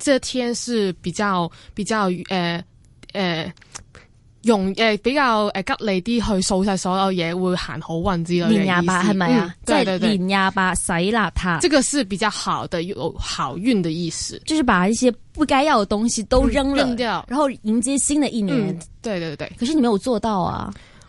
這天是比較比較呃呃用誒、呃、比較誒、呃、吉利啲去掃晒所有嘢，會行好運之類嘅意思對對對，年廿八，洗邋遢。這個是比較好的有好運的意思，就是把一些不該要嘅東西都扔了、嗯、掉，然後迎接新的一年。嗯、對對對，可是你沒有做到啊。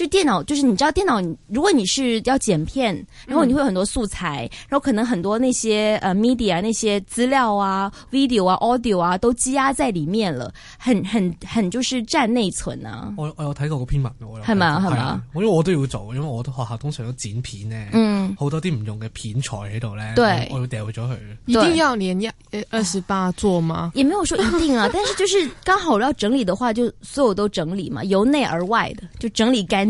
就電腦，就是你知道電腦，如果你是要剪片，然後你會有很多素材，嗯、然後可能很多那些呃 media 那些資料啊、video 啊、audio 啊都積壓在裏面了，很很很，就是佔內存啊。我我有睇過個篇文，係嘛係嘛，因為我都要做，因為我都學校通常都剪片呢。嗯，好多啲唔用嘅片材喺度呢。對，我要掉咗佢。一定要連一二十八座嗎、啊？也沒有說一定啊， 但是就是剛好我要整理的話，就所有都整理嘛，由內而外的就整理乾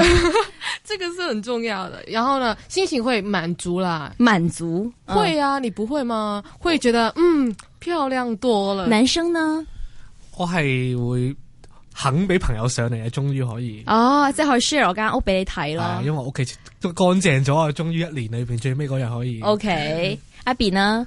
這個是很重要的。然後呢，心情會滿足啦，滿足會啊、嗯，你不會嗎？會覺得嗯，漂亮多了。男生呢？我係會肯俾朋友上嚟啊，終於可以哦，即係可以 share 我間屋俾你睇啦，因為屋企都乾淨咗啊，終於一年裏邊最尾嗰日可以。OK、嗯、阿比啦。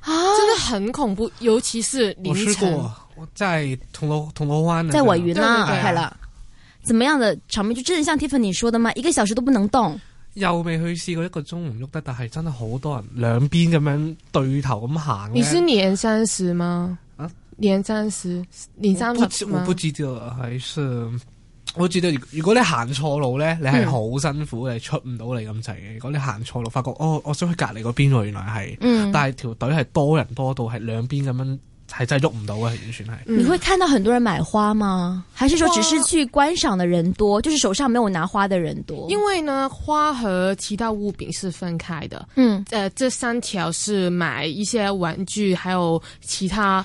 啊，真的很恐怖，尤其是凌晨。我試過在銅鑼銅鑼灣，在尾云那開了，怎麼樣的場面？就真的像 Tiffany 你說的嗎？一個小時都不能動。又未去試過一個鐘唔喐得，但係真係好多人兩邊咁樣對頭咁行。你是年三十嗎？啊，年三十，年三十嗎？我不記得了，還是？我知道，嗯，如果你行錯路咧，你係好辛苦嘅，出唔到嚟咁滯嘅。如果你行錯路，發覺哦，我想去隔籬嗰邊，原來係，嗯，但係條隊係多人多到係兩邊咁樣，係真係喐唔到嘅。完全係，嗯。你會看到很多人買花嗎？還是說只是去觀賞的人多，就是手上沒有拿花的人多？因為呢，花和其他物品是分開的。嗯，誒、呃，這三條是買一些玩具，還有其他。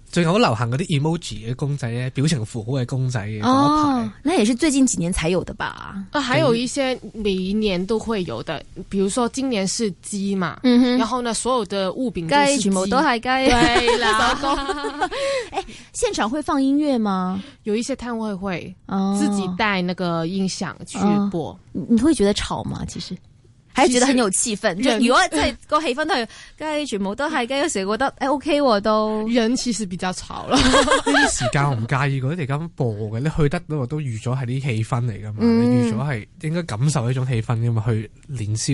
最好流行嗰啲 emoji 嘅公仔，表情符號嘅公仔哦，那也是最近幾年才有的吧？啊，還有一些每一年都會有的，比如說今年是雞嘛，嗯，然後呢，所有的物品都係雞都還該對啦。誒 老公、 欸，現場會放音樂嗎？有一些攤位會自己帶那個音響去播。哦哦，你會覺得吵嗎？其實？係覺得很有氣氛，如果即係個氣氛都係，即係全部都係，即、嗯、成日覺得誒，O K，都人其實比較吵咯。呢啲時間我唔介意，嗰啲哋咁播嘅，你去得到都都預咗係啲氣氛嚟噶嘛，你預咗係應該感受呢種氣氛噶嘛，去年宵。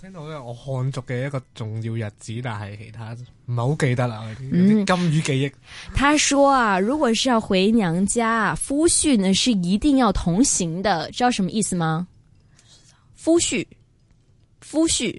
聽到咧，我漢族嘅一個重要日子，但係其他唔係好記得啦。有啲金魚記憶。嗯，他說啊，如果是要回娘家，夫婿呢是一定要同行的，知道什麼意思嗎？夫婿，夫婿。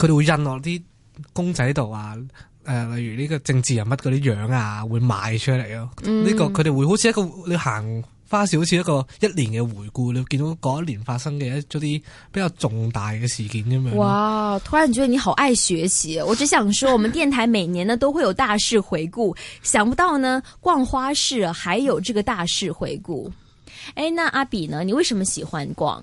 佢哋會印落啲公仔度啊，誒、呃，例如呢個政治人物嗰啲樣啊，會賣出嚟咯。呢、嗯這個佢哋會好似一個你行花市，好似一個一年嘅回顧，你會見到嗰一年發生嘅一啲比較重大嘅事件咁樣。哇！突然覺得你好愛學習，我只想說，我們電台每年呢都會有大事回顧， 想不到呢逛花市還有這個大事回顧。誒、欸，那阿比呢？你為什麼喜歡逛？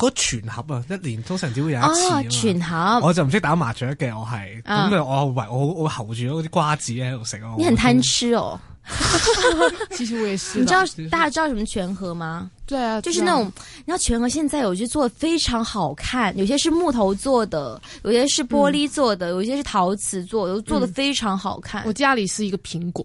嗰、那個、全盒啊，一年通常只會有一次。哦，全盒，我就唔識打麻雀嘅我係，咁啊我為我我睺住咗啲瓜子喺度食。你很貪吃哦 其實我也是。你知道大家知道什麼全盒嗎？對啊，就是那種，知道、啊、全盒現在有啲做得非常好看，有些是木頭做的，有些是玻璃做的，嗯、有些做的有些是陶瓷做，都做得非常好看。嗯、我家裏是一個蘋果。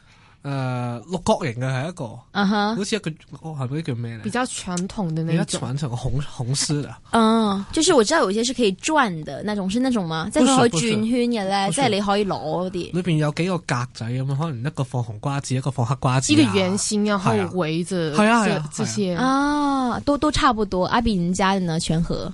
誒、呃，六角形嘅係一個，嗯哼，好似一個，係、哦、咩叫咩咧？比較傳統的那一種，傳統紅紅絲的， 嗯，就是我知道有一些是可以轉的，那種是那種嗎？即 係可以轉圈嘅咧，即 係 你可以攞啲，裏邊有幾個格仔咁，可能一個放紅瓜子，一個放黑瓜子、啊，一個圓形，然後圍着，係啊係啊，這些啊，啊，啊，啊，啊，啊，都都差不多，阿比人家嘅呢全盒。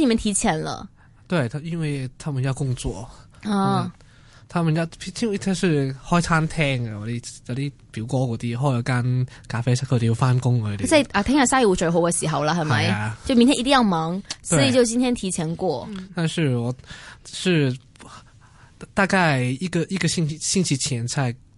你們提前了，對他，因為他們要工作啊，他們家因為他是開餐廳的，我啲我的表哥，嗰啲開咗間咖啡室，佢哋要翻工，佢哋即係啊，聽日西湖最好嘅時候啦，係咪、啊？就明天一定要忙，所以就今天提前過。但是我是大概一個一個星期星期前才。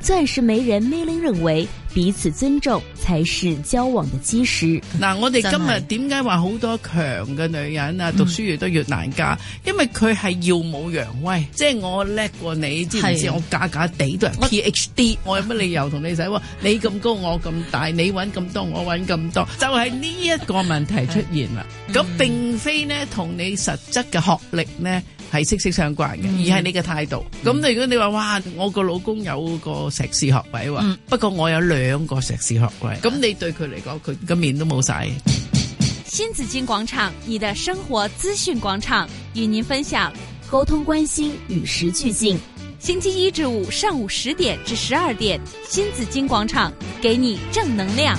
暫時媒人 Mayling 認為彼此尊重才是交往的基石。嗱、啊，我哋今日點解話好多強嘅女人啊，讀書越多越難嫁、嗯？因為佢係耀武揚威，即係我叻過你，知唔知我？我假假地都係 PhD，我有乜理由同你洗？ 你咁高，我咁大，你搵咁多，我搵咁多， 就係呢一個問題出現啦。咁、嗯、並非呢同你實質嘅學歷呢。係息息相關嘅，而係你嘅態度。咁、嗯、如果你話哇，我個老公有個碩士學位、嗯，不過我有兩個碩士學位，咁、嗯、你對佢嚟講，佢個面都冇晒。新紫荊廣場，你的生活資訊廣場，與您分享溝通關心，與時俱進。星期一至五上午十點至十二點，新紫荊廣場，給你正能量。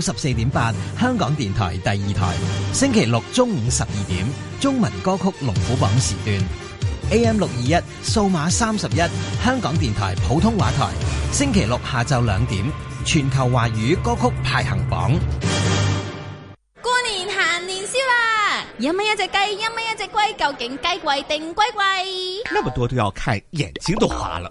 十四點八，香港電台第二台，星期六中午十二點，中文歌曲龍虎榜時段。AM 六二一，數碼三十一，香港電台普通話台，星期六下晝兩點，全球華語歌曲排行榜。過年行年宵啦，一蚊一隻雞，一蚊一隻龜，究竟雞貴定龜貴？那麼多都要看眼睛都花了。